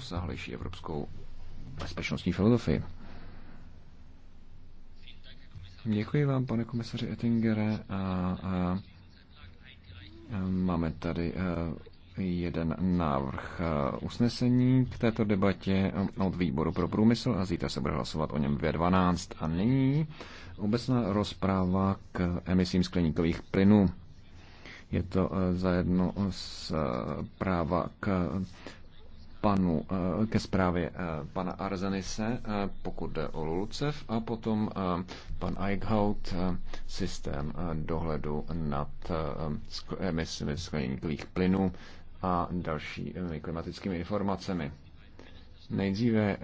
rozsáhlejší evropskou bezpečnostní filozofii. Děkuji vám, pane komisaři Ettingere. A, a, máme tady jeden návrh usnesení k této debatě od výboru pro průmysl a zítra se bude hlasovat o něm ve 12. A nyní obecná rozpráva k emisím skleníkových plynů. Je to e, zajedno z e, práva k panu, eh, ke zprávě eh, pana Arzenise, eh, pokud jde o Lulucev, a potom pan Eichhout, systém dohledu nad emisemi skleníkových plynů a dalšími klimatickými informacemi. Nejdříve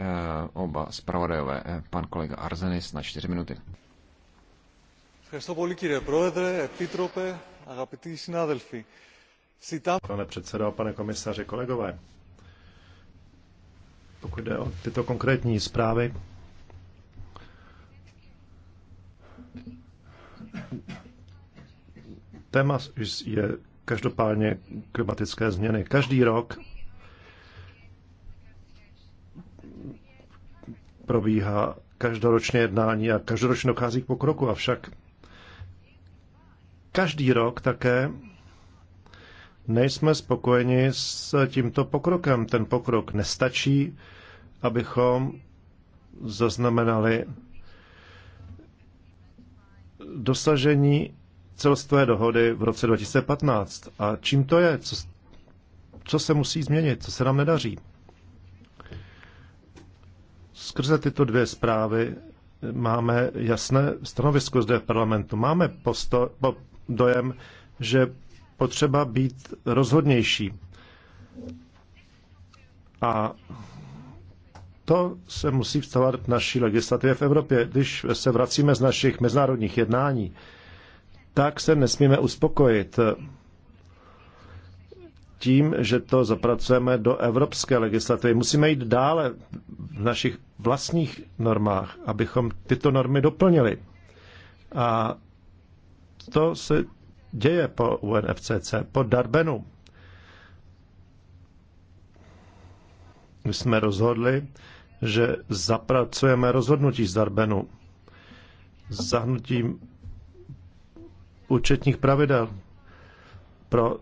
oba zpravodajové, pan kolega Arzenis na čtyři minuty. Pane předsedo, pane komisaři, kolegové, pokud jde o tyto konkrétní zprávy. Téma je každopádně klimatické změny. Každý rok probíhá každoročně jednání a každoročně dochází k pokroku, avšak každý rok také nejsme spokojeni s tímto pokrokem. Ten pokrok nestačí, abychom zaznamenali dosažení celostové dohody v roce 2015. A čím to je? Co, co se musí změnit? Co se nám nedaří? Skrze tyto dvě zprávy máme jasné stanovisko zde v parlamentu. Máme posto, po, dojem, že potřeba být rozhodnější. A to se musí vstavovat naší legislativě v Evropě. Když se vracíme z našich mezinárodních jednání, tak se nesmíme uspokojit tím, že to zapracujeme do evropské legislativy. Musíme jít dále v našich vlastních normách, abychom tyto normy doplnili. A to se děje po UNFCC, po Darbenu. My jsme rozhodli, že zapracujeme rozhodnutí z Darbenu zahnutím účetních pravidel pro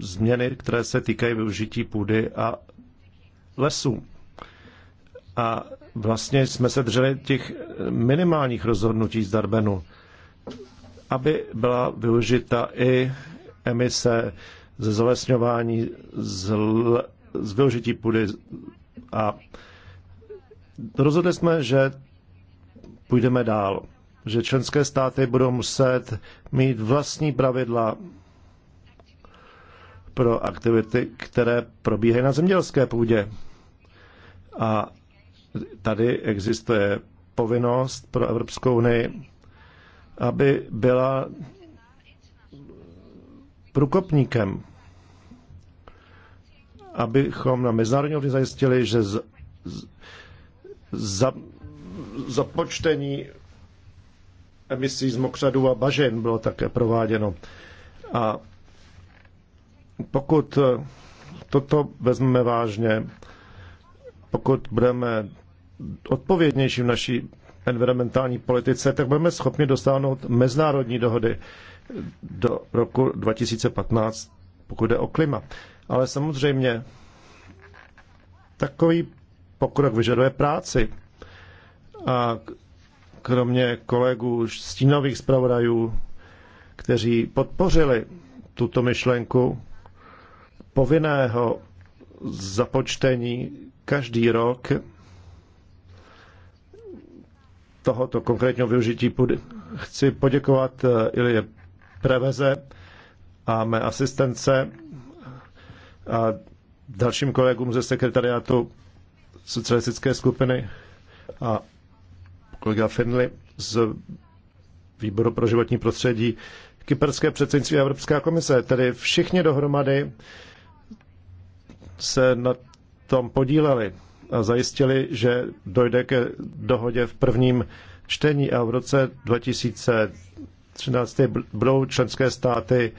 změny, které se týkají využití půdy a lesů. A vlastně jsme se drželi těch minimálních rozhodnutí z Darbenu, aby byla využita i emise ze zalesňování, z, l, z využití půdy a Rozhodli jsme, že půjdeme dál, že členské státy budou muset mít vlastní pravidla pro aktivity, které probíhají na zemědělské půdě. A tady existuje povinnost pro Evropskou unii, aby byla průkopníkem, abychom na mezinárodní úrovni zajistili, že z, z, za, počtení emisí z mokřadů a bažin bylo také prováděno. A pokud toto vezmeme vážně, pokud budeme odpovědnější v naší environmentální politice, tak budeme schopni dostáhnout mezinárodní dohody do roku 2015, pokud jde o klima. Ale samozřejmě takový pokrok vyžaduje práci. A kromě kolegů stínových zpravodajů, kteří podpořili tuto myšlenku povinného započtení každý rok tohoto konkrétního využití půdy. Chci poděkovat eh, Ilie Preveze a mé asistence a dalším kolegům ze sekretariátu socialistické skupiny a kolega Finley z výboru pro životní prostředí, kyperské předsednictví a Evropská komise. Tedy všichni dohromady se na tom podíleli a zajistili, že dojde ke dohodě v prvním čtení a v roce 2013 budou členské státy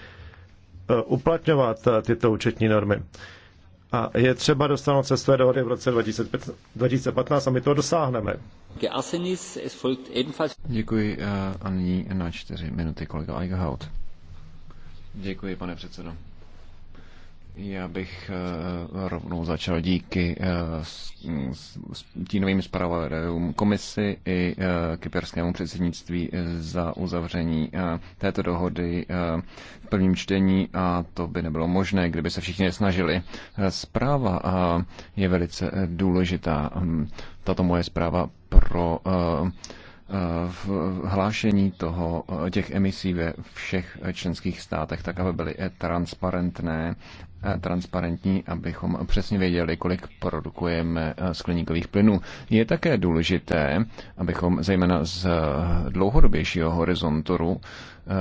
e, uplatňovat e, tyto účetní normy. A je třeba dostanout se své dohody v roce 2015 a my to dosáhneme. Děkuji eh, a nyní na čtyři minuty kolega Eichhout. Děkuji, pane předsedo. Já bych eh, rovnou začal díky eh, stínovým zpravodajům komisi i eh, kyperskému předsednictví za uzavření této dohody v prvním čtení a to by nebylo možné, kdyby se všichni snažili. Zpráva je velice důležitá. Hm, tato moje zpráva pro v hlášení toho, těch emisí ve všech členských státech, tak aby byly transparentné transparentní, abychom přesně věděli, kolik produkujeme eh, skleníkových plynů. Je také důležité, abychom zejména z dlouhodobějšího horizontu Eh,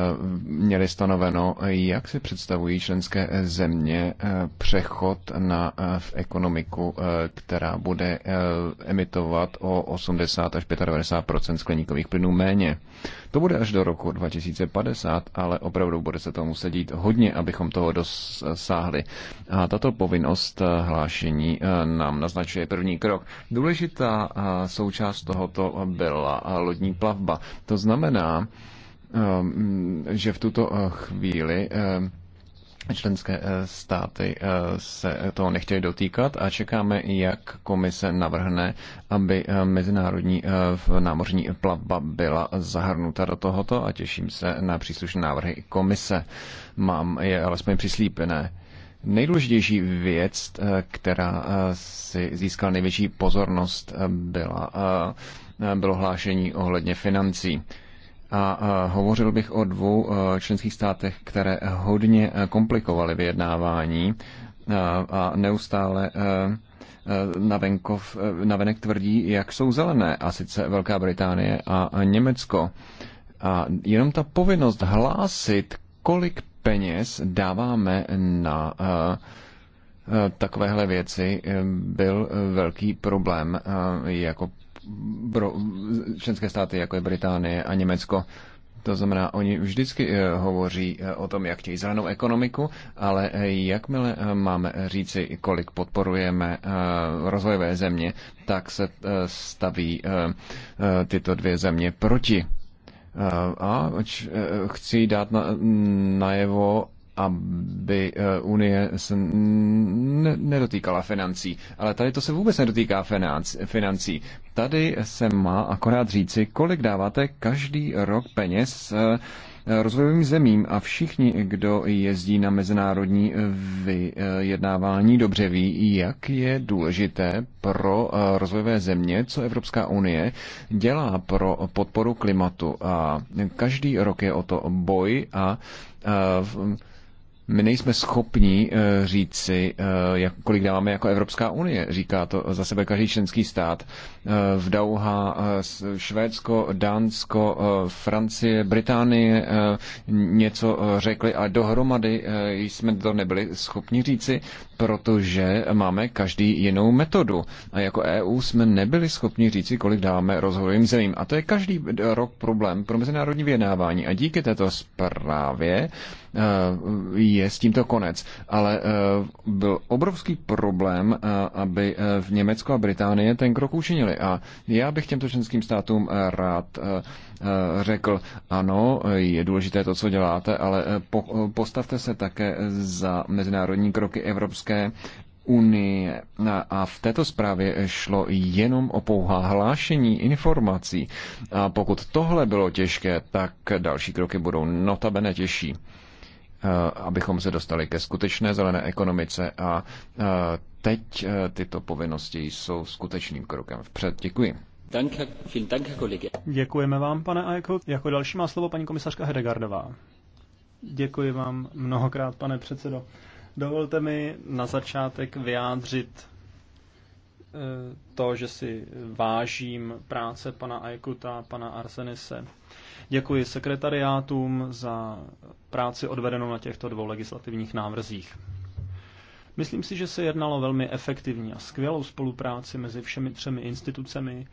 měli stanoveno, jak si představují členské země eh, přechod na eh, v ekonomiku, která bude emitovat o 80 až 95 skleníkových plynů méně. To bude až do roku 2050, ale opravdu bude se to muset dít hodně, abychom toho dosáhli. A tato povinnost hlášení nám naznačuje první krok. Důležitá součást tohoto byla lodní plavba. To znamená, Um, že v tuto uh, chvíli um, členské uh, státy uh, se toho nechtěli dotýkat a čekáme, jak komise navrhne, aby mezinárodní námořní plavba byla zahrnuta do tohoto a těším se na příslušné návrhy komise. Mám je alespoň přislípené. Nejdůležitější věc, která si získala největší pozornost, byla, bylo hlášení ohledně financí. A hovořil bych o dvou e, členských státech, které hodně e, komplikovaly vyjednávání e, a neustále na, venkov, na venek tvrdí, jak jsou zelené, a sice Velká Británie a Německo. A jenom ta povinnost hlásit, kolik peněz dáváme na takovéhle věci, byl velký problém jako pro členské státy, jako je Británie a Německo. To znamená, oni vždycky eh, hovoří eh, o tom, jak chtějí zelenou ekonomiku, ale eh, jakmile máme říci, kolik podporujeme rozvojové země, tak se staví tyto dvě země proti. A chci dát na, najevo, aby eh, Unie se nedotýkala financí. Ale tady to se vůbec nedotýká financí. Tady se má akorát říci, kolik dáváte každý rok peněz eh, rozvojovým zemím a všichni, kdo jezdí na mezinárodní vyjednávání, dobře ví, jak je důležité pro eh, rozvojové země, co Evropská unie dělá pro podporu klimatu. A každý rok je o to boj a, a my nejsme schopni eh, říci, eh, jak, kolik dáváme jako Evropská unie, říká to za sebe každý členský stát. Eh, v Dauha Švédsko, Dánsko, Francie, Británie něco řekli a dohromady jsme to nebyli schopni říci, protože máme každý jinou metodu. A jako EU jsme nebyli schopni říci, kolik dáváme rozvojovým zemím. A to je každý rok problém pro mezinárodní vyjednávání. A díky této zprávě Eh, je s tímto konec. Ale eh, byl obrovský problém, eh, aby v Německu a Británii ten krok učinili. A já bych těmto členským státům rád řekl, ano, je důležité to, co děláte, ale postavte se také za mezinárodní kroky Evropské unie. A v této zprávě šlo jenom o pouhá hlášení informací. A pokud tohle bylo těžké, tak další kroky budou notabene těžší. Eh, abychom se dostali ke skutečné zelené ekonomice a eh, teď eh, tyto povinnosti jsou skutečným krokem vpřed. Děkuji. Děkujeme vám, pane Aiko. Jako další má slovo paní komisařka Hedegardová. Děkuji vám mnohokrát, pane předsedo. Dovolte mi na začátek vyjádřit to, že si vážím práce pana Aikuta, pana Arsenise Děkuji sekretariátům za práci odvedenou na těchto dvou legislativních návrzích. Myslím si, že se jednalo velmi efektivní a skvělou spolupráci mezi všemi třemi institucemi,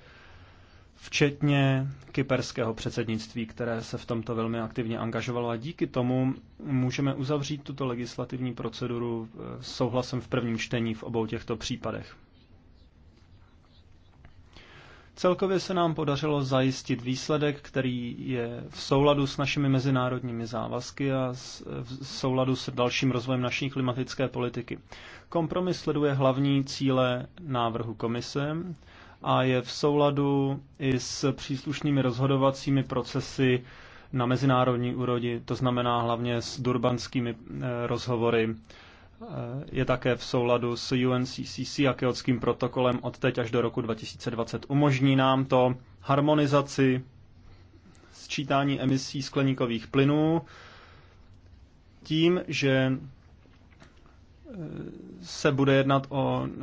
včetně kyperského předsednictví, které se v tomto velmi aktivně angažovalo a díky tomu můžeme uzavřít tuto legislativní proceduru eh, souhlasem v prvním čtení v obou těchto případech. Celkově se nám podařilo zajistit výsledek, který je v souladu s našimi mezinárodními závazky a v souladu s dalším rozvojem naší klimatické politiky. Kompromis sleduje hlavní cíle návrhu komise a je v souladu i s příslušnými rozhodovacími procesy na mezinárodní úrovni, to znamená hlavně s durbanskými eh, rozhovory Eh, je také v souladu s UNCCC a Kyotským protokolem od teď až do roku 2020. Umožní nám to harmonizaci sčítání emisí skleníkových plynů tím, že se bude jednat o eh,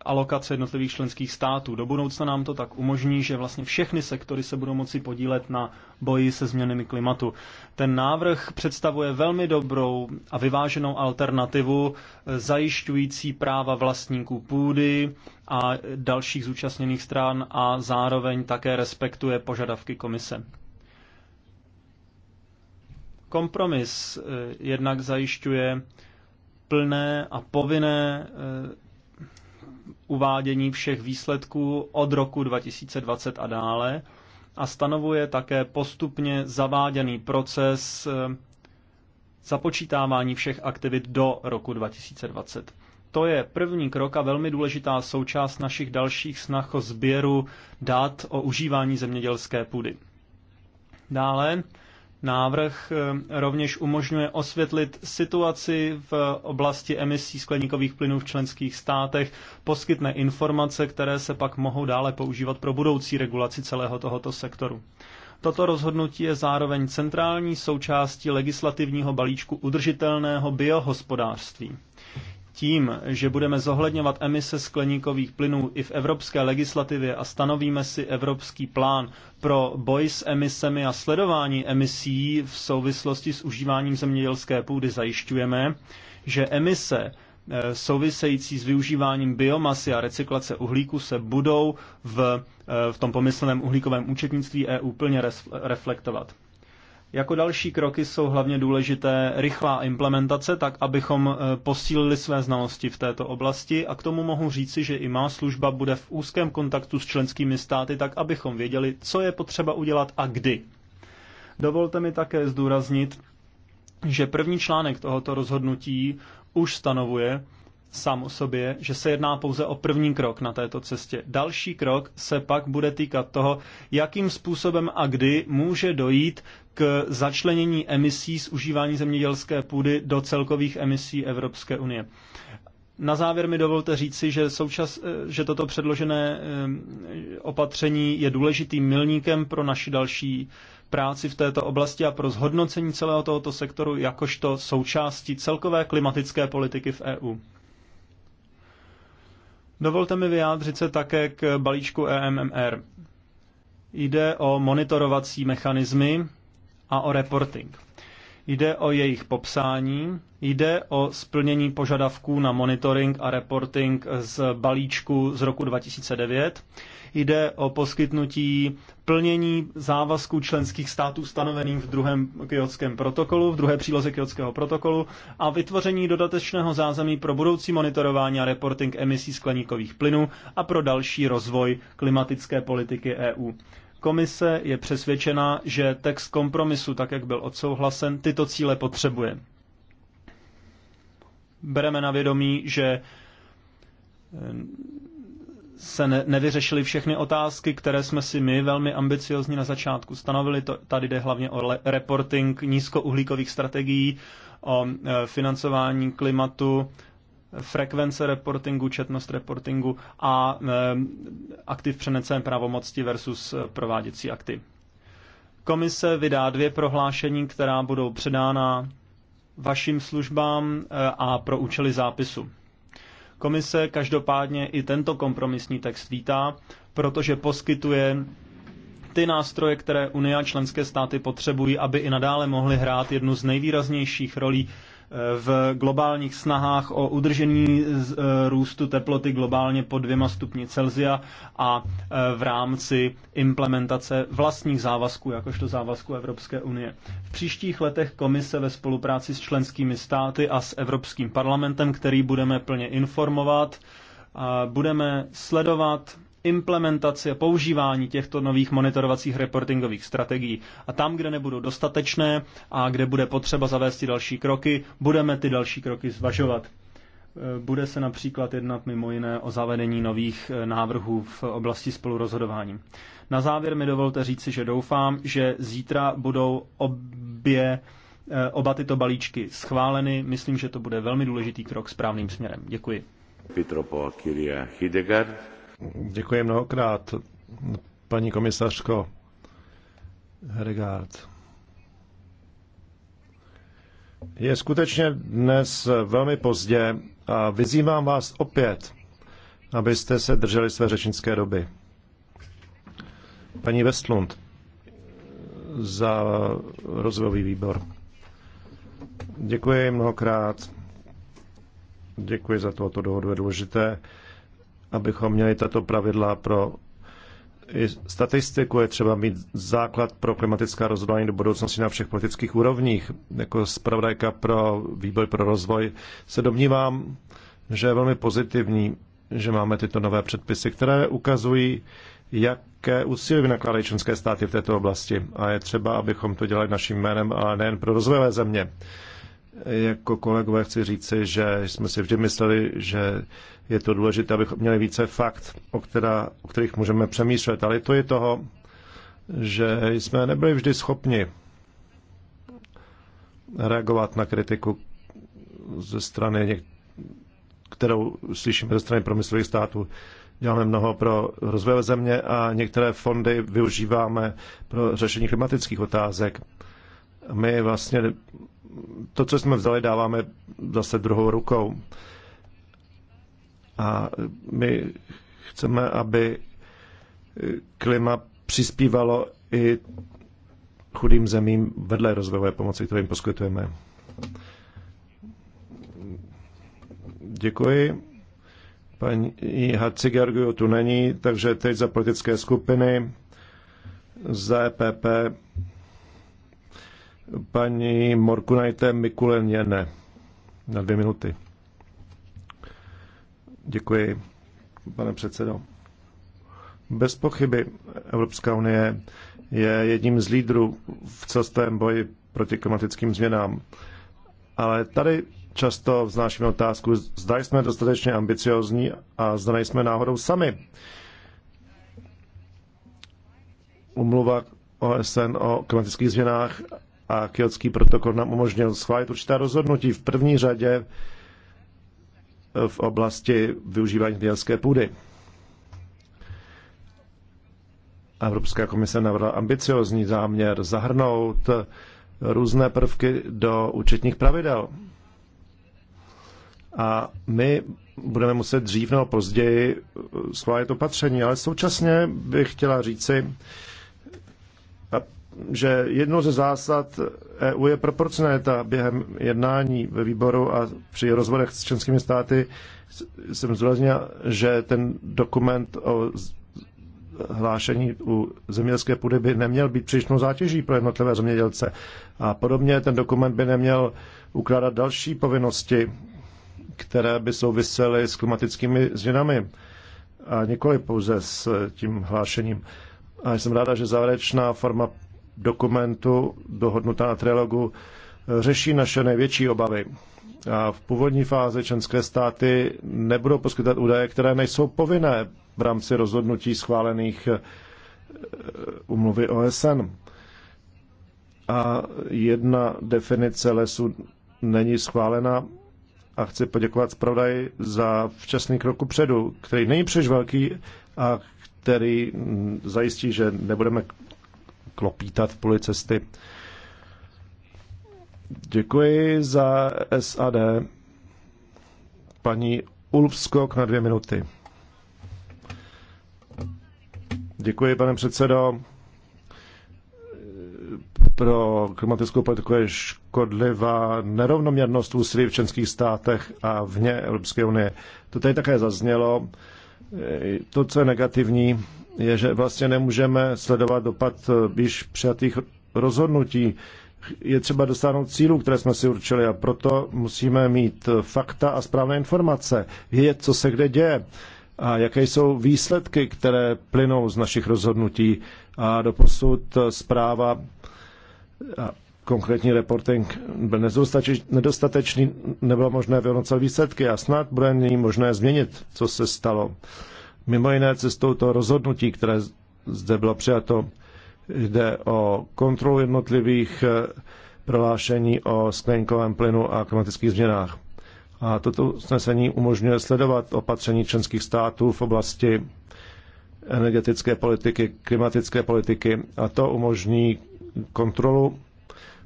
alokace jednotlivých členských států. Do budoucna nám to tak umožní, že vlastně všechny sektory se budou moci podílet na boji se změnami klimatu. Ten návrh představuje velmi dobrou a vyváženou alternativu eh, zajišťující práva vlastníků půdy a dalších zúčastněných stran a zároveň také respektuje požadavky komise. Kompromis eh, jednak zajišťuje plné a povinné eh, uvádění všech výsledků od roku 2020 a dále a stanovuje také postupně zaváděný proces eh, započítávání všech aktivit do roku 2020. To je první krok a velmi důležitá součást našich dalších snah o sběru dat o užívání zemědělské půdy. Dále Návrh eh, rovněž umožňuje osvětlit situaci v oblasti emisí skleníkových plynů v členských státech, poskytne informace, které se pak mohou dále používat pro budoucí regulaci celého tohoto sektoru. Toto rozhodnutí je zároveň centrální součástí legislativního balíčku udržitelného biohospodářství tím, že budeme zohledňovat emise skleníkových plynů i v evropské legislativě a stanovíme si evropský plán pro boj s emisemi a sledování emisí v souvislosti s užíváním zemědělské půdy, zajišťujeme, že emise e, související s využíváním biomasy a recyklace uhlíku se budou v, e, v tom pomyslném uhlíkovém účetnictví EU plně reflektovat. Jako další kroky jsou hlavně důležité rychlá implementace, tak abychom eh, posílili své znalosti v této oblasti a k tomu mohu říci, že i má služba bude v úzkém kontaktu s členskými státy, tak abychom věděli, co je potřeba udělat a kdy. Dovolte mi také zdůraznit, že první článek tohoto rozhodnutí už stanovuje, sám o sobě, že se jedná pouze o první krok na této cestě. Další krok se pak bude týkat toho, jakým způsobem a kdy může dojít k začlenění emisí z užívání zemědělské půdy do celkových emisí Evropské unie. Na závěr mi dovolte říci, že, součas, že toto předložené opatření je důležitým milníkem pro naši další práci v této oblasti a pro zhodnocení celého tohoto sektoru jakožto součástí celkové klimatické politiky v EU. Dovolte mi vyjádřit se také k balíčku EMMR. Jde o monitorovací mechanismy a o reporting. Jde o jejich popsání, jde o splnění požadavků na monitoring a reporting z balíčku z roku 2009, jde o poskytnutí plnění závazků členských států stanovených v druhém kyotském protokolu, v druhé příloze kyotského protokolu a vytvoření dodatečného zázemí pro budoucí monitorování a reporting emisí skleníkových plynů a pro další rozvoj klimatické politiky EU. Komise je přesvědčena, že text kompromisu, tak jak byl odsouhlasen, tyto cíle potřebuje. Bereme na vědomí, že eh, se ne, nevyřešily všechny otázky, které jsme si my velmi ambiciozně na začátku stanovili. To, tady jde hlavně o reporting nízkouhlíkových strategií, o e, financování klimatu, frekvence reportingu, četnost reportingu a eh, aktiv přenecené pravomocti versus eh, prováděcí akty. Komise vydá dvě prohlášení, která budou předána vašim službám eh, a pro účely zápisu. Komise každopádně i tento kompromisní text vítá, protože poskytuje ty nástroje, které Unie a členské státy potřebují, aby i nadále mohly hrát jednu z nejvýraznějších rolí v globálních snahách o udržení e, růstu teploty globálně po dvěma stupni Celzia a e, v rámci implementace vlastních závazků, jakožto závazků Evropské unie. V příštích letech komise ve spolupráci s členskými státy a s Evropským parlamentem, který budeme plně informovat, budeme sledovat implementaci a používání těchto nových monitorovacích reportingových strategií. A tam, kde nebudou dostatečné a kde bude potřeba zavést další kroky, budeme ty další kroky zvažovat. Eh, bude se například jednat mimo jiné o zavedení nových eh, návrhů v oblasti spolurozhodování. Na závěr mi dovolte říci, že doufám, že zítra budou obě eh, oba tyto balíčky schváleny. Myslím, že to bude velmi důležitý krok správným směrem. Děkuji. Hidegard. Děkuji mnohokrát, paní komisařko Heregard. Je skutečně dnes velmi pozdě a vyzývám vás opět, abyste se drželi své řečnické doby. Paní Westlund za rozvojový výbor. Děkuji mnohokrát. Děkuji za to, to dohodu je důležité abychom měli tato pravidla pro i statistiku je třeba mít základ pro klimatická rozhodování do budoucnosti na všech politických úrovních. Jako zpravodajka pro výboj pro rozvoj se domnívám, že je velmi pozitivní, že máme tyto nové předpisy, které ukazují, jaké úsilí vynakládají členské státy v této oblasti. A je třeba, abychom to dělali naším jménem, ale nejen pro rozvojové země. Jako kolegové chci říci, že jsme si vždy mysleli, že je to důležité, abychom měli více fakt, o, která, o kterých můžeme přemýšlet. Ale to je toho, že jsme nebyli vždy schopni reagovat na kritiku ze strany, něk- kterou slyšíme ze strany promyslových států. Děláme mnoho pro rozvoj země a některé fondy využíváme pro řešení klimatických otázek. My vlastně to, co jsme vzali, dáváme zase druhou rukou. A my chceme, aby klima přispívalo i chudým zemím vedle rozvojové pomoci, kterou jim poskytujeme. Děkuji. Paní Hatzigergiu tu není, takže teď za politické skupiny, za EPP paní Morkunajte Mikulen na dvě minuty. Děkuji, pane předsedo. Bez pochyby Evropská unie je jedním z lídrů v celém boji proti klimatickým změnám. Ale tady často vznášíme otázku, zda jsme dostatečně ambiciozní a zda nejsme náhodou sami. Umluva OSN o klimatických změnách a Kyotský protokol nám umožnil schválit určitá rozhodnutí v první řadě v oblasti využívání zemědělské půdy. Evropská komise navrhla ambiciozní záměr zahrnout různé prvky do účetních pravidel. A my budeme muset dřív nebo později schválit opatření, ale současně bych chtěla říci, a že jednou ze zásad EU je proporcionalita během jednání ve výboru a při rozvodech s členskými státy jsem zdůraznil, že ten dokument o hlášení u zemědělské půdy by neměl být přílišnou zátěží pro jednotlivé zemědělce. A podobně ten dokument by neměl ukládat další povinnosti, které by souvisely s klimatickými změnami a nikoli pouze s tím hlášením. A jsem ráda, že závěrečná forma dokumentu dohodnutá na trilogu eh, řeší naše největší obavy. A v původní fázi členské státy nebudou poskytovat údaje, které nejsou povinné v rámci rozhodnutí schválených eh, umluvy OSN. A jedna definice lesu není schválena a chci poděkovat zpravodaji za včasný krok předu, který není příliš velký a který mm, zajistí, že nebudeme klopítat policisty. Děkuji za SAD. Paní Ulfskok na dvě minuty. Děkuji, pane předsedo. Pro klimatickou politiku je škodlivá nerovnoměrnost úsilí v členských státech a vně Evropské unie. To tady také zaznělo. To, co je negativní, je, že vlastně nemůžeme sledovat dopad eh, již přijatých rozhodnutí. Je třeba dosáhnout cílů, které jsme si určili a proto musíme mít fakta a správné informace, vědět, co se kde děje a jaké jsou výsledky, které plynou z našich rozhodnutí. A doposud eh, zpráva konkrétní reporting byl nedostatečný, nebylo možné vyhodnocovat výsledky a snad bude nyní možné změnit, co se stalo. Mimo jiné cestou toho rozhodnutí, které zde bylo přijato, jde o kontrolu jednotlivých eh, prohlášení o skleníkovém plynu a klimatických změnách. A toto usnesení umožňuje sledovat opatření členských států v oblasti energetické politiky, klimatické politiky a to umožní kontrolu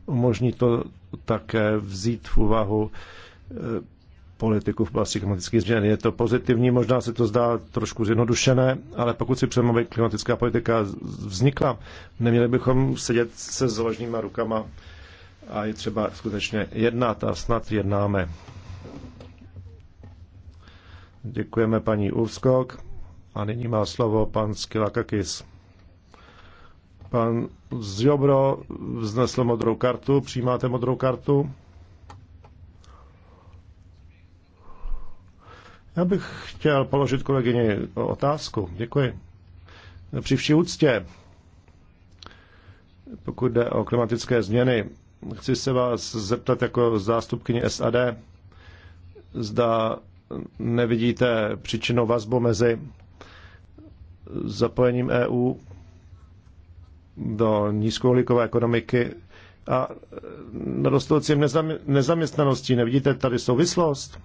Umožní to také vzít v úvahu eh, politiku v oblasti klimatických změn. Je to pozitivní, možná se to zdá trošku zjednodušené, ale pokud si přejmeme, klimatická politika vznikla, neměli bychom sedět se založnýma rukama a je třeba skutečně jednat a snad jednáme. Děkujeme paní Uvskok a nyní má slovo pan Skilakakis. Pan Zjobro vznesl modrou kartu. Přijímáte modrou kartu? Já bych chtěl položit kolegyni otázku. Děkuji. Při vší úctě, pokud jde o klimatické změny, chci se vás zeptat jako zástupkyně SAD, zda nevidíte příčinu vazbu mezi zapojením EU do nízkouhlíkové ekonomiky a rostoucím nezaměstnaností. Nevidíte tady souvislost?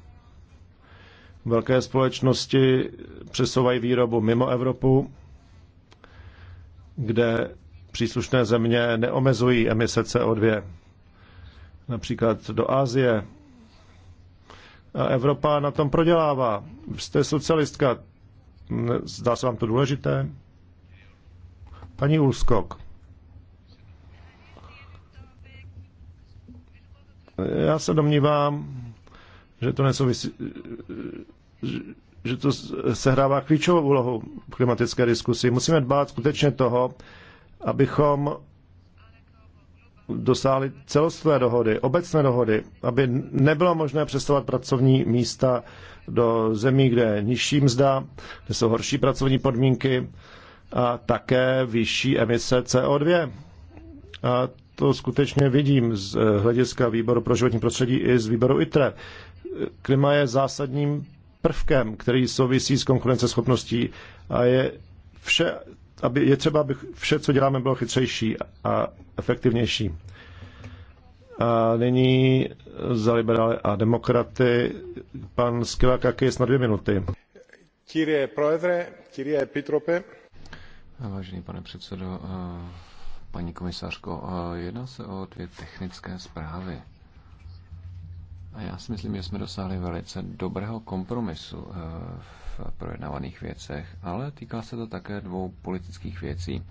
Velké společnosti přesouvají výrobu mimo Evropu, kde příslušné země neomezují emise CO2, například do Asie. A Evropa na tom prodělává. Jste socialistka, zdá se vám to důležité? Paní Ulskok. Já se domnívám, že to nesouvisí, že to sehrává klíčovou úlohu v klimatické diskusi. Musíme dbát skutečně toho, abychom dosáhli celostové dohody, obecné dohody, aby nebylo možné přestovat pracovní místa do zemí, kde je nižší mzda, kde jsou horší pracovní podmínky a také vyšší emise CO2. A to skutečně vidím z eh, hlediska výboru pro životní prostředí i z výboru ITRE. Klima je zásadním prvkem, který souvisí s konkurenceschopností a je vše, aby, je třeba, aby vše, co děláme, bylo chytřejší a efektivnější. A nyní za liberály a demokraty pan je snad dvě minuty. Kyrie proedre, kyrie epitrope, Vážený pane předsedo, eh, paní komisařko, eh, jedná se o dvě technické zprávy. A já si myslím, že jsme dosáhli velice dobrého kompromisu eh, v projednávaných věcech, ale týká se to také dvou politických věcí.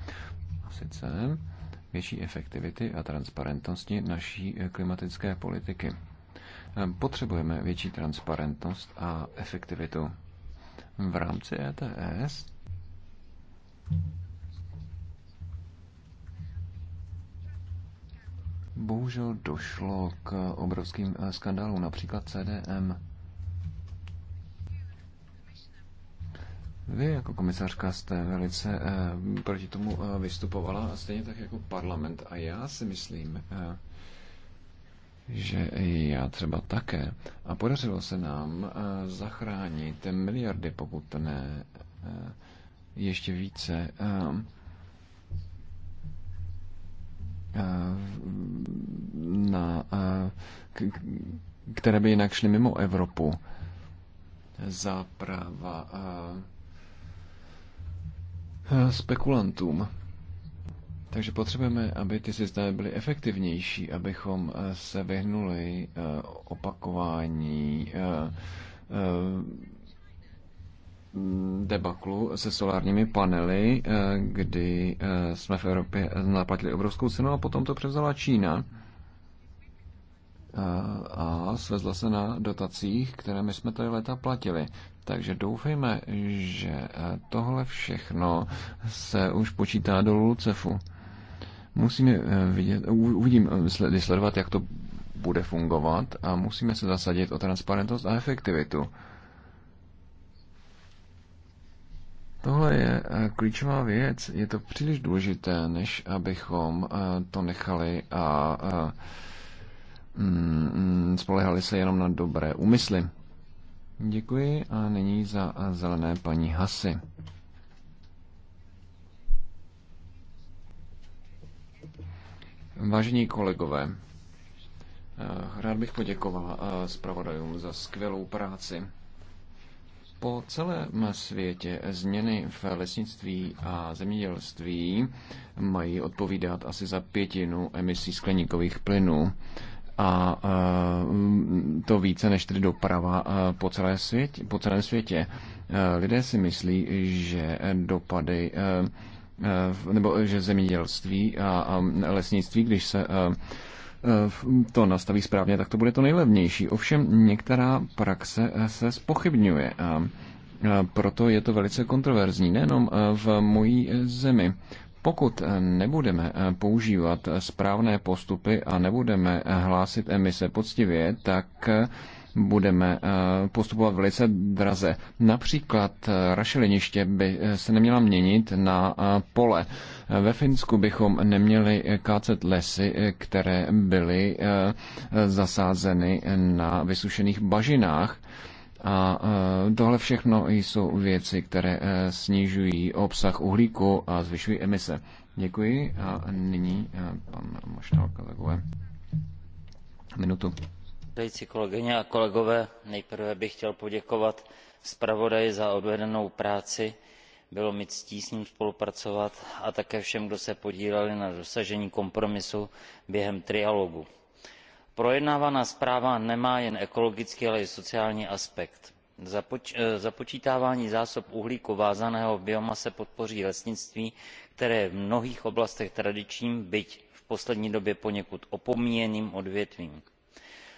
A sice větší efektivity a transparentnosti naší klimatické politiky. Potřebujeme větší transparentnost a efektivitu v rámci ETS. bohužel došlo k obrovským eh, skandálům, například CDM. Vy jako komisařka jste velice eh, proti tomu eh, vystupovala, stejně tak jako parlament. A já si myslím, eh, že já třeba také. A podařilo se nám eh, zachránit miliardy, pokud ne eh, ještě více. Eh, Eh, na, eh, které by jinak šly mimo Evropu za eh, spekulantům. Takže potřebujeme, aby ty systémy byly efektivnější, abychom se vyhnuli opakování Mm, debaklu se solárními panely, eh, kdy eh, jsme v Evropě naplatili obrovskou cenu a potom to převzala Čína eh, a svezla se na dotacích, které my jsme tady leta platili. Takže doufejme, že tohle všechno se už počítá do LUCEFu. Musíme vidět, uvidím, sledovat, jak to bude fungovat a musíme se zasadit o transparentnost a efektivitu. Tohle je eh, klíčová věc. Je to příliš důležité, než abychom eh, to nechali a eh, mm, mm, spolehali se jenom na dobré úmysly. Děkuji a nyní za zelené paní Hasy. Vážení kolegové, rád bych poděkoval zpravodajům za skvělou práci po celém světě změny v lesnictví a zemědělství mají odpovídat asi za pětinu emisí skleníkových plynů a e, to více než tedy doprava e, po, celé světě, po celém světě. E, lidé si myslí, že dopady nebo že zemědělství a lesnictví, když se Eh, to nastaví správně, tak to bude to nejlevnější. Ovšem některá praxe eh, se spochybňuje a proto je to velice kontroverzní, nejenom eh, v mojí zemi. Pokud nebudeme používat správné postupy a nebudeme hlásit emise poctivě, tak budeme eh, postupovat velice draze. Například eh, rašeliniště by eh, se neměla měnit na pole. Ve Finsku bychom neměli kácet lesy, které byly zasázeny na vysušených bažinách. A tohle všechno jsou věci, které snižují obsah uhlíku a zvyšují emise. Děkuji a nyní pan Maštálka takové minutu předsedající kolegyně a kolegové nejprve bych chtěl poděkovat zpravodaji za odvedenou práci bylo mi ctí s ním spolupracovat a také všem kdo se podíleli na dosažení kompromisu během trialogu. projednávaná zpráva nemá jen ekologický ale i sociální aspekt. Eh, započítávání zásob uhlíku vázaného v biomase podpoří lesnictví které je v mnohých oblastech tradičním byť v poslední době poněkud opomíjeným odvětvím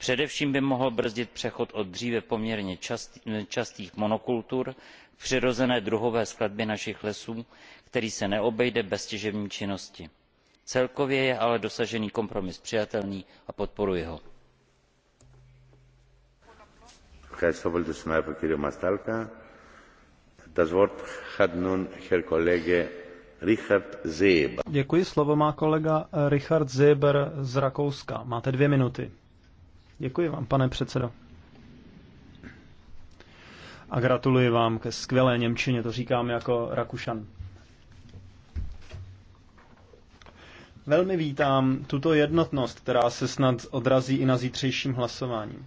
především by mohlo brzdit přechod od dříve poměrně častých monokultur k přirozené druhové skladbě našich lesů který se neobejde bez těžební činnosti. celkově je ale dosažený kompromis přijatelný a podporuji ho. Děkuji, slovo má kolega Richard Seeber z Rakouska. Máte dvě minuty. Děkuji vám, pane předsedo. A gratuluji vám ke skvělé Němčině, to říkám jako Rakušan. Velmi vítám tuto jednotnost, která se snad odrazí i na zítřejším hlasování.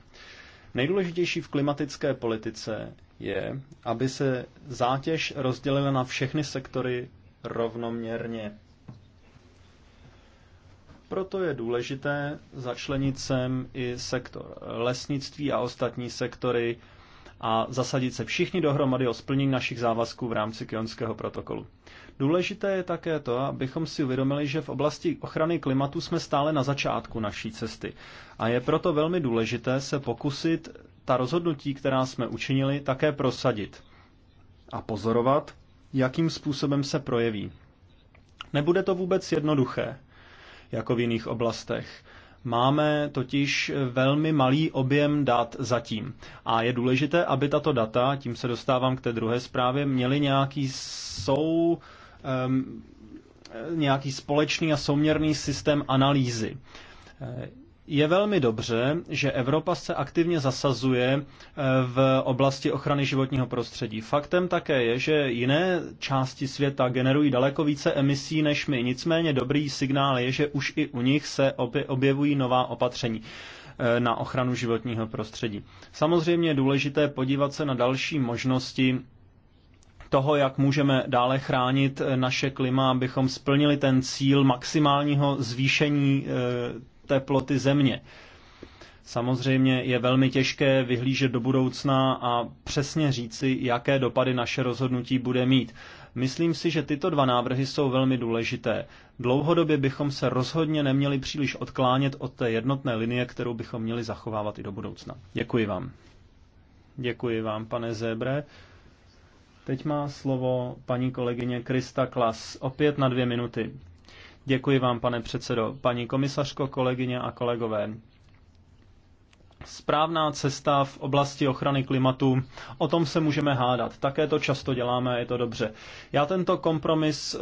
Nejdůležitější v klimatické politice je, aby se zátěž rozdělila na všechny sektory rovnoměrně. Proto je důležité začlenit sem i sektor lesnictví a ostatní sektory a zasadit se všichni dohromady o splnění našich závazků v rámci Kionského protokolu. Důležité je také to, abychom si uvědomili, že v oblasti ochrany klimatu jsme stále na začátku naší cesty. A je proto velmi důležité se pokusit ta rozhodnutí, která jsme učinili, také prosadit. A pozorovat, jakým způsobem se projeví. Nebude to vůbec jednoduché, jako v jiných oblastech. Máme totiž velmi malý objem dat zatím. A je důležité, aby tato data, tím se dostávám k té druhé zprávě, měly nějaký sou, um, nějaký společný a souměrný systém analýzy. Je velmi dobře, že Evropa se aktivně zasazuje eh, v oblasti ochrany životního prostředí. Faktem také je, že jiné části světa generují daleko více emisí než my. Nicméně dobrý signál je, že už i u nich se objevují nová opatření eh, na ochranu životního prostředí. Samozřejmě je důležité podívat se na další možnosti toho, jak můžeme dále chránit eh, naše klima, abychom splnili ten cíl maximálního zvýšení teploty země. Samozřejmě je velmi těžké vyhlížet do budoucna a přesně říci, jaké dopady naše rozhodnutí bude mít. Myslím si, že tyto dva návrhy jsou velmi důležité. Dlouhodobě bychom se rozhodně neměli příliš odklánět od té jednotné linie, kterou bychom měli zachovávat i do budoucna. Děkuji vám. Děkuji vám, pane Zebre. Teď má slovo paní kolegyně Krista Klas. Opět na dvě minuty. Děkuji vám, pane předsedo. Paní komisařko, kolegyně a kolegové. Správná cesta v oblasti ochrany klimatu, o tom se můžeme hádat. Také to často děláme a je to dobře. Já tento kompromis eh,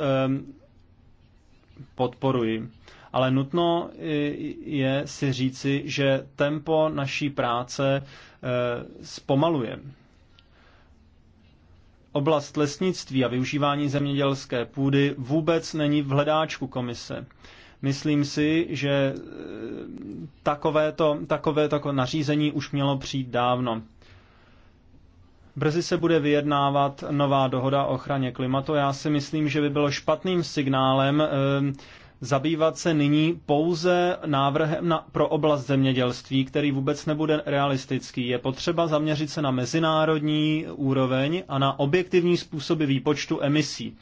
podporuji, ale nutno je si říci, že tempo naší práce eh, zpomaluje. Oblast lesnictví a využívání zemědělské půdy vůbec není v hledáčku komise. Myslím si, že eh, takovéto, to takové nařízení už mělo přijít dávno. Brzy se bude vyjednávat nová dohoda o ochraně klimatu. Já si myslím, že by bylo špatným signálem eh, zabývat se nyní pouze návrhem na, pro oblast zemědělství, který vůbec nebude realistický. Je potřeba zaměřit se na mezinárodní úroveň a na objektivní způsoby výpočtu emisí.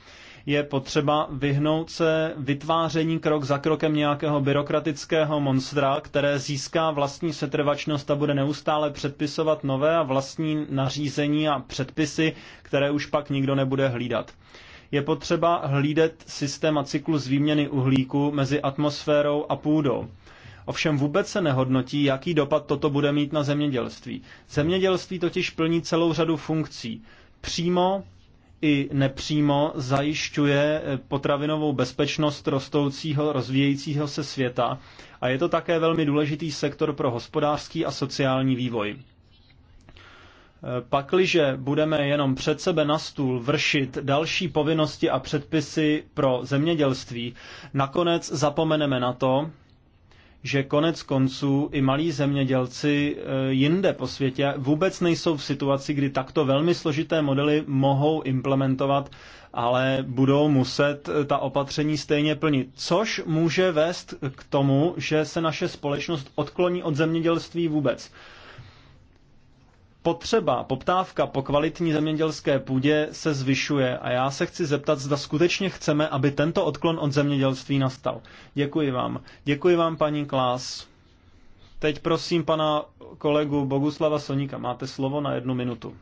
Je potřeba vyhnout se vytváření krok za krokem nějakého byrokratického monstra, které získá vlastní setrvačnost a bude neustále předpisovat nové a vlastní nařízení a předpisy, které už pak nikdo nebude hlídat. Je potřeba hlídat systém a cyklus výměny uhlíku mezi atmosférou a půdou. Ovšem vůbec se nehodnotí, jaký dopad toto bude mít na zemědělství. Zemědělství totiž plní celou řadu funkcí. Přímo i nepřímo zajišťuje eh, potravinovou bezpečnost rostoucího, rozvíjejícího se světa a je to také velmi důležitý sektor pro hospodářský a sociální vývoj. Pakliže budeme jenom před sebe na stůl vršit další povinnosti a předpisy pro zemědělství, nakonec zapomeneme na to, že konec konců i malí zemědělci eh, jinde po světě vůbec nejsou v situaci, kdy takto velmi složité modely mohou implementovat, ale budou muset eh, ta opatření stejně plnit. Což může vést k tomu, že se naše společnost odkloní od zemědělství vůbec. Potřeba, poptávka po kvalitní zemědělské půdě se zvyšuje a já se chci zeptat, zda skutečně chceme, aby tento odklon od zemědělství nastal. Děkuji vám. Děkuji vám, paní Klás. Teď prosím pana kolegu Boguslava Soníka. Máte slovo na jednu minutu.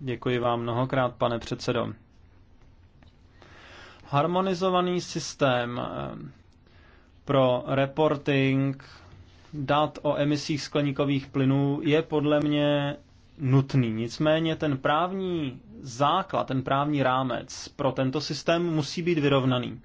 Děkuji vám mnohokrát, pane předsedo. Harmonizovaný systém eh, pro reporting dat o emisích skleníkových plynů je podle mě nutný. Nicméně ten právní základ, ten právní rámec pro tento systém musí být vyrovnaný.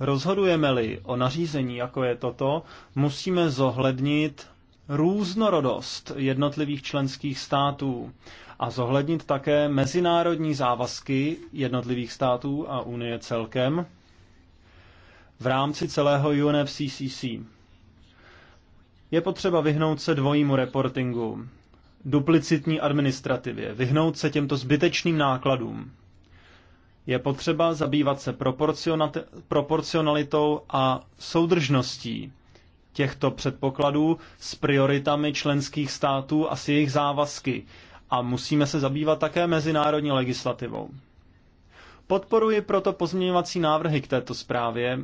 Rozhodujeme-li o nařízení, jako je toto, musíme zohlednit různorodost jednotlivých členských států a zohlednit také mezinárodní závazky jednotlivých států a Unie celkem v rámci celého UNFCCC. Je potřeba vyhnout se dvojímu reportingu, duplicitní administrativě, vyhnout se těmto zbytečným nákladům. Je potřeba zabývat se proporcionalitou a soudržností těchto předpokladů s prioritami členských států a s jejich závazky a musíme se zabývat také mezinárodní legislativou. Podporuji proto pozměňovací návrhy k této zprávě,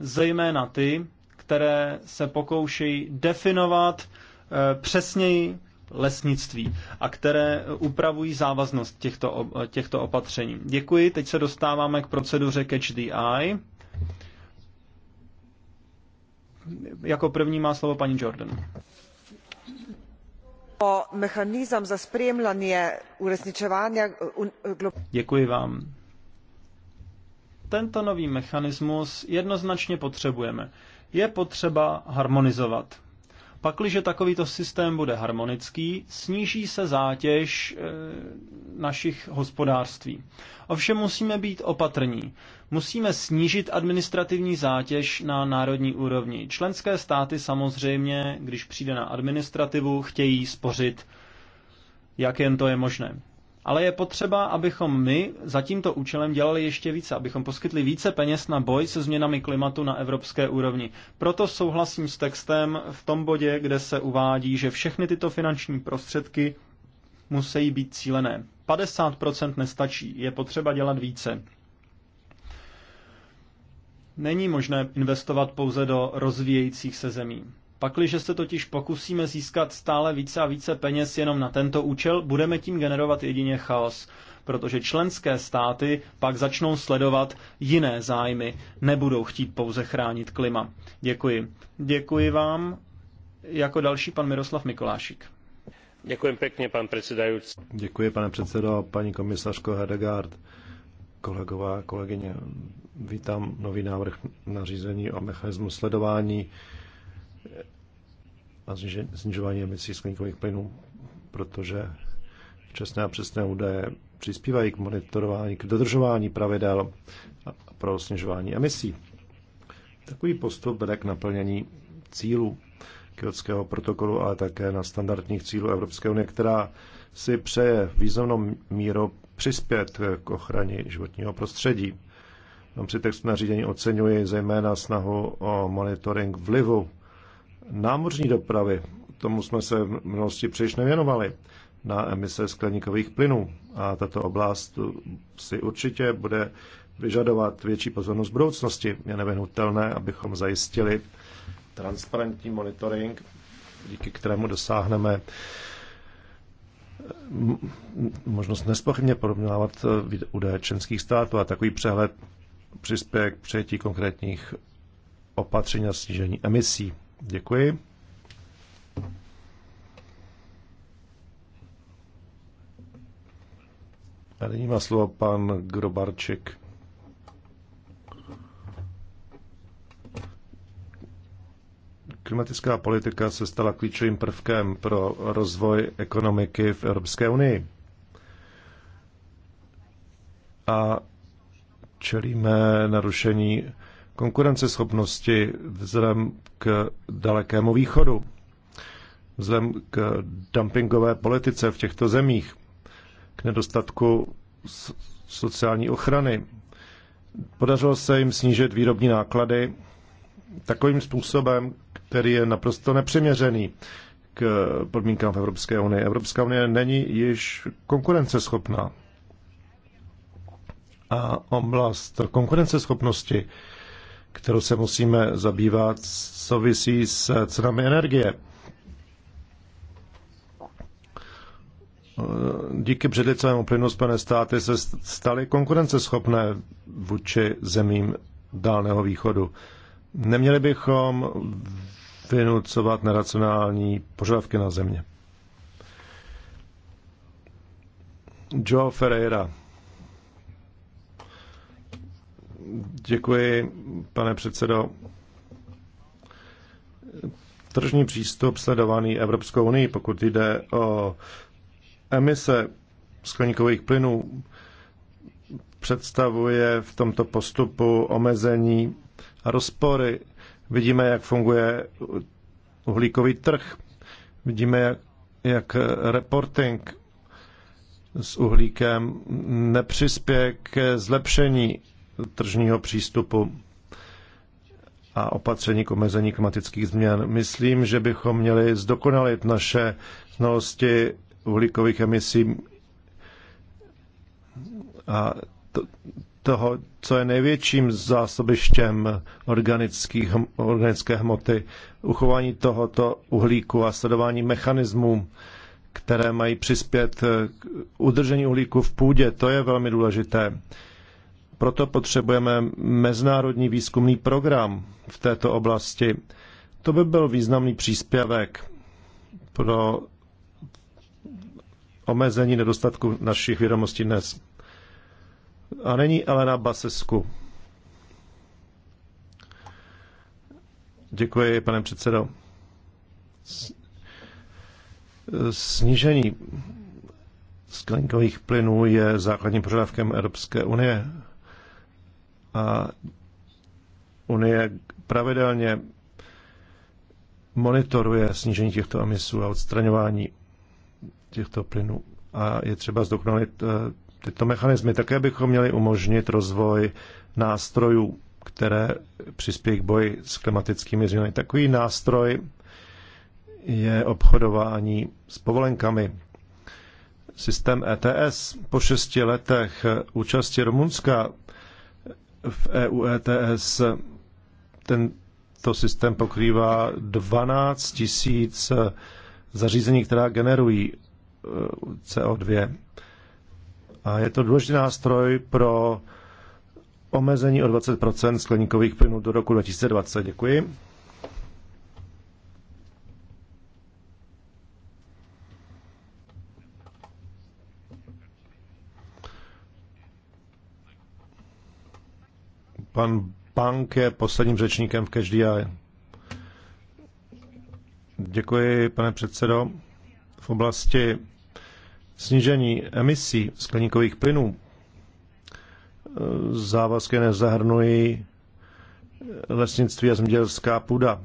zejména ty, které se pokoušejí definovat eh, přesněji lesnictví a které upravují závaznost těchto, těchto opatření. Děkuji, teď se dostáváme k proceduře Catch the Eye. Jako první má slovo paní Jordan. Mechanism za spremljanje uresničevanja. Eh, eh, Děkuji vám. Tento nový mechanismus jednoznačně potřebujeme je potřeba harmonizovat. Pakliže takovýto systém bude harmonický, sníží se zátěž eh, našich hospodářství. Ovšem musíme být opatrní. Musíme snížit administrativní zátěž na národní úrovni. Členské státy samozřejmě, když přijde na administrativu, chtějí spořit, jak jen to je možné. Ale je potřeba, abychom my za tímto účelem dělali ještě více, abychom poskytli více peněz na boj se změnami klimatu na evropské úrovni. Proto souhlasím s textem v tom bodě, kde se uvádí, že všechny tyto finanční prostředky musí být cílené. 50% nestačí, je potřeba dělat více. Není možné investovat pouze do rozvíjejících se zemí. Pakliže se totiž pokusíme získat stále více a více peněz jenom na tento účel, budeme tím generovat jedině chaos, protože členské státy pak začnou sledovat jiné zájmy, nebudou chtít pouze chránit klima. Děkuji. Děkuji vám. Jako další pan Miroslav Mikolášik. Děkuji pěkně, pan předsedající. Děkuji, pane předsedo, paní komisařko Hedegaard, kolegová, kolegyně. Vítám nový návrh na řízení o mechanismu sledování a snižování emisí skleníkových plynů, protože včasné a přesné údaje přispívají k monitorování, k dodržování pravidel pro snižování emisí. Takový postup vede k naplnění cílů Kyotského protokolu, ale také na standardních cílů Evropské unie, která si přeje významnou míru přispět k ochraně životního prostředí. Při textu nařízení oceňuji zejména snahu o monitoring vlivu námořní dopravy. Tomu jsme se v minulosti příliš nevěnovali na emise skleníkových plynů. A tato oblast si určitě bude vyžadovat větší pozornost v budoucnosti. Je nevyhnutelné, abychom zajistili transparentní monitoring, díky kterému dosáhneme možnost nespochybně porovnávat údaje členských států a takový přehled přispěje k přijetí konkrétních opatření na snížení emisí. Děkuji. A nyní má slovo pan Grobarček. Klimatická politika se stala klíčovým prvkem pro rozvoj ekonomiky v Evropské unii. A čelíme narušení konkurenceschopnosti vzhledem k dalekému východu, vzhledem k dumpingové politice v těchto zemích, k nedostatku sociální ochrany. Podařilo se jim snížit výrobní náklady takovým způsobem, který je naprosto nepřiměřený k podmínkám v Evropské unii. Evropská unie není již konkurenceschopná. A oblast konkurenceschopnosti kterou se musíme zabývat, souvisí s cenami energie. Díky předlicovému plynu Spojené státy se staly konkurenceschopné vůči zemím Dálného východu. Neměli bychom vynucovat neracionální požadavky na země. Joe Ferreira. Děkuji, pane předsedo. Tržní přístup sledovaný Evropskou unii, pokud jde o emise skleníkových plynů, představuje v tomto postupu omezení a rozpory. Vidíme, jak funguje uhlíkový trh. Vidíme, jak, jak reporting s uhlíkem nepřispěje ke zlepšení tržního přístupu a opatření k omezení klimatických změn. Myslím, že bychom měli zdokonalit naše znalosti uhlíkových emisí a to, toho, co je největším zásobištěm organických, organické hmoty, uchování tohoto uhlíku a sledování mechanismů, které mají přispět k udržení uhlíku v půdě, to je velmi důležité proto potřebujeme mezinárodní výzkumný program v této oblasti. To by byl významný příspěvek pro omezení nedostatku našich vědomostí dnes. A není Elena Basesku. Děkuji, pane předsedo. Snížení skleníkových plynů je základním požadavkem Evropské unie a Unie pravidelně monitoruje snížení těchto emisů a odstraňování těchto plynů. A je třeba zdokonalit eh, tyto mechanismy. Také bychom měli umožnit rozvoj nástrojů, které přispějí k boji s klimatickými změnami. Takový nástroj je obchodování s povolenkami. Systém ETS po šesti letech účasti Rumunska v EU ETS tento systém pokrývá 12 tisíc eh, zařízení, která generují eh, CO2. A je to důležitý nástroj pro omezení o 20 skleníkových plynů do roku 2020. Děkuji. Pan Bank je posledním řečníkem v každý Děkuji, pane předsedo. V oblasti snížení emisí skleníkových plynů eh, závazky nezahrnují lesnictví a zemědělská půda.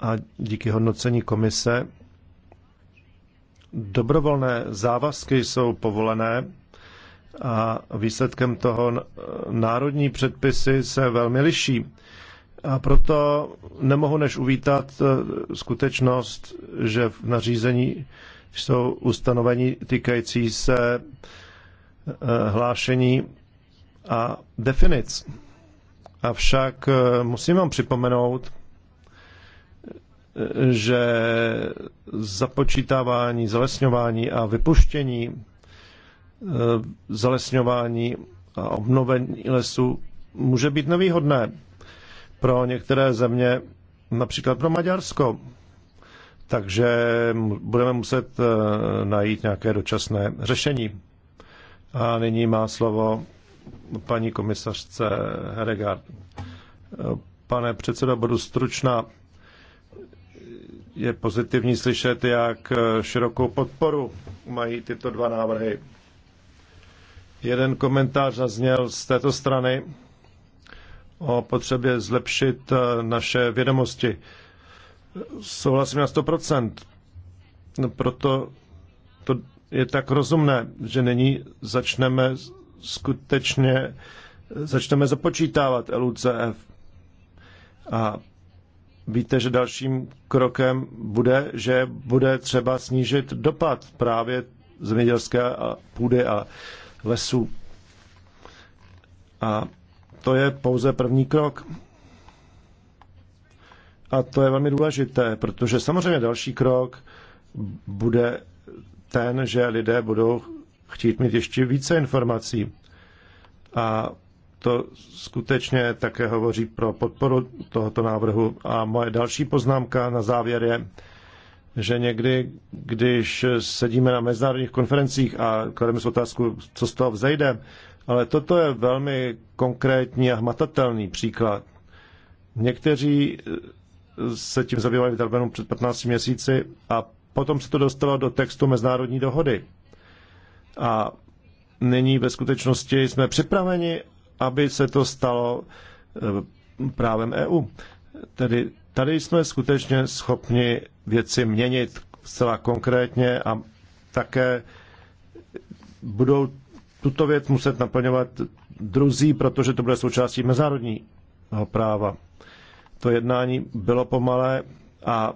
A díky hodnocení komise dobrovolné závazky jsou povolené a výsledkem toho národní předpisy se velmi liší. A proto nemohu než uvítat e, skutečnost, že v nařízení jsou ustanovení týkající se e, hlášení a definic. Avšak e, musím vám připomenout, že započítávání, zalesňování a vypuštění Eh, zalesňování a obnovení lesů může být nevýhodné pro některé země, například pro Maďarsko. Takže budeme muset eh, najít nějaké dočasné řešení. A nyní má slovo paní komisařce Heregard. Eh, pane předsedo, budu stručná. Je pozitivní slyšet, jak širokou podporu mají tyto dva návrhy Jeden komentář zazněl z této strany o potřebě zlepšit eh, naše vědomosti. Souhlasím na 100%. No, proto to je tak rozumné, že nyní začneme skutečně začneme započítávat LUCF. A víte, že dalším krokem bude, že bude třeba snížit dopad právě zemědělské půdy a lesů. A to je pouze první krok. A to je velmi důležité, protože samozřejmě další krok bude ten, že lidé budou chtít mít ještě více informací. A to skutečně také hovoří pro podporu tohoto návrhu. A moje další poznámka na závěr je, že někdy, když sedíme na mezinárodních konferencích a klademe si otázku, co z toho vzejde, ale toto je velmi konkrétní a hmatatelný příklad. Někteří se tím zabývali v Darbenu před 15 měsíci a potom se to dostalo do textu mezinárodní dohody. A nyní ve skutečnosti jsme připraveni, aby se to stalo eh, právem EU. Tedy Tady jsme skutečně schopni věci měnit zcela konkrétně a také budou tuto věc muset naplňovat druzí, protože to bude součástí mezinárodního práva. To jednání bylo pomalé a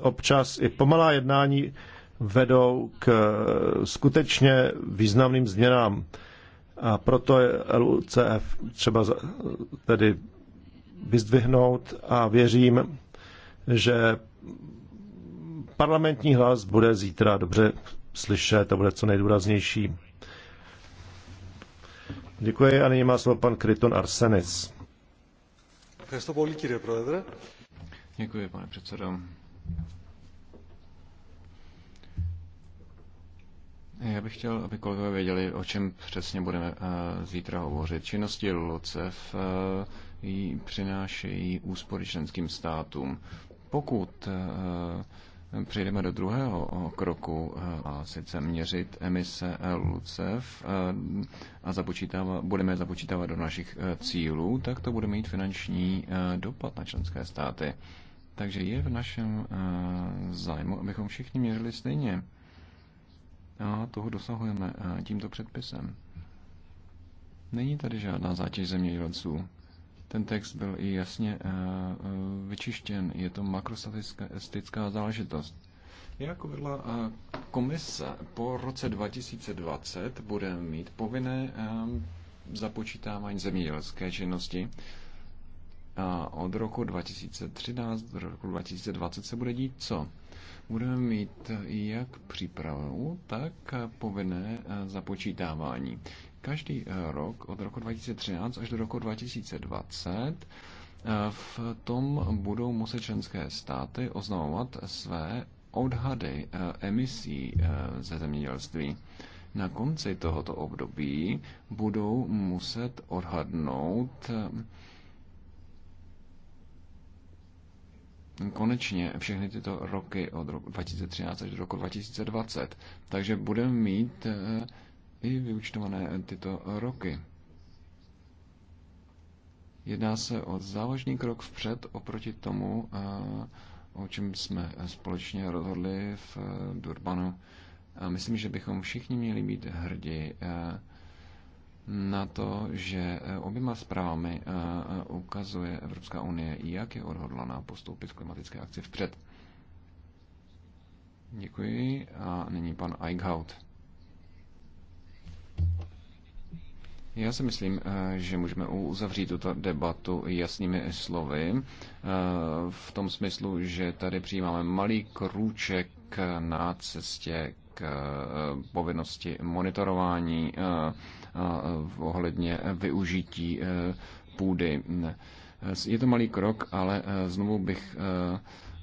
občas i pomalá jednání vedou k skutečně významným změnám. A proto je LUCF třeba tedy vyzdvihnout a věřím, že parlamentní hlas bude zítra dobře slyšet a bude co nejdůraznější. Děkuji a nyní má slovo pan Kryton Arsenis. Děkuji, pane předsedo. Já bych chtěl, aby kolegové věděli, o čem přesně budeme eh, zítra hovořit. Činnosti LOCEF přinášejí úspory členským státům. Pokud eh, přejdeme do druhého eh, kroku, eh, a sice měřit emise LUCEF a započítávat, budeme je započítávat do našich cílů, tak to bude mít finanční dopad na členské státy. Takže je v našem zájmu, abychom všichni měřili stejně. A toho dosahujeme tímto předpisem. Není tady žádná zátěž zemědělců. Ten text byl i jasně eh, eh, vyčištěn. Je to makrostatistická záležitost. Jak uvedla eh, komise, po roce 2020 bude mít povinné započítávání zemědělské činnosti. A od roku 2013 do roku 2020 se bude dít co? Budeme mít jak přípravu, tak povinné započítávání každý eh, rok od roku 2013 až do roku 2020 eh, v tom budou muset členské státy oznamovat své odhady eh, emisí ze zemědělství. Na konci tohoto období budou muset odhadnout konečně všechny tyto roky od roku 2013 až do roku 2020. Takže budeme mít i vyučtované tyto roky. Jedná se o závažný krok vpřed oproti tomu, o čem jsme společně rozhodli v e, Durbanu. myslím, že bychom všichni měli být hrdí e, na to, že e, oběma zprávami ukazuje Evropská unie, jak je odhodlaná postoupit klimatické akci vpřed. Děkuji a nyní pan Eichhout. Já si myslím, eh, že můžeme uzavřít tuto debatu jasnými slovy eh, v tom smyslu, že tady přijímáme malý krůček na cestě k eh, povinnosti monitorování ohledně využití půdy. Je to malý krok, ale znovu bych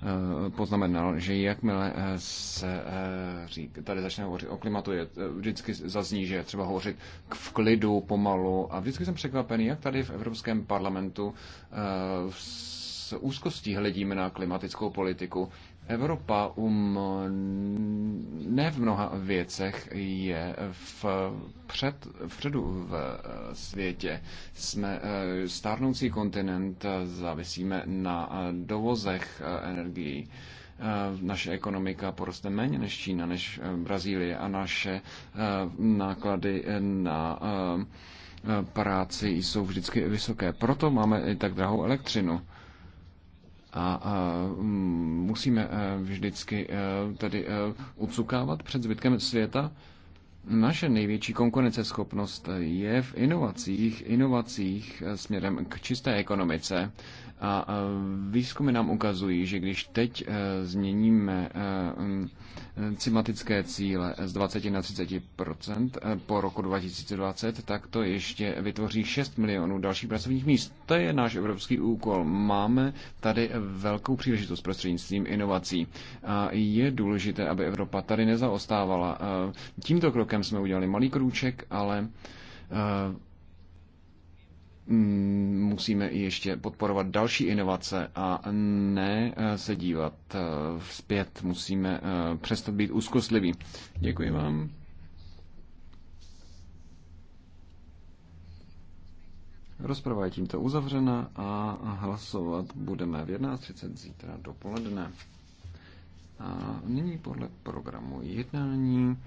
Eh, poznamenal, že jakmile eh, se eh, řík, tady začne hovořit o klimatu, je, vždycky zazní, že je třeba hovořit v klidu, pomalu. A vždycky jsem překvapený, jak tady v Evropském parlamentu s úzkostí hledíme na klimatickou politiku. Evropa um, ne v mnoha věcech je v před, vpředu v e, světě. Jsme e, stárnoucí kontinent, e, závisíme na dovozech energií. Naše ekonomika poroste méně než Čína, než Brazílie a naše náklady na práci jsou vždycky vysoké. Proto máme i tak drahou elektřinu a, a mm, musíme eh, vždycky eh, tedy eh, ucukávat před zbytkem světa, naše největší konkurenceschopnost je v inovacích, inovacích eh, směrem k čisté ekonomice a eh, výzkumy nám ukazují, že když teď eh, změníme climatické mm, cíle z 20 na 30 po roku 2020, tak to ještě vytvoří 6 milionů dalších pracovních míst. To je náš evropský úkol. Máme tady velkou příležitost prostřednictvím inovací. A je důležité, aby Evropa tady nezaostávala. Tímto krokem krokem jsme udělali malý krůček, ale eh, mm, musíme i ještě podporovat další inovace a ne eh, se dívat eh, zpět. Musíme přestat být úzkostliví. Děkuji vám. Rozprava je tímto uzavřena a hlasovat budeme v 11.30 zítra dopoledne. A nyní podle programu jednání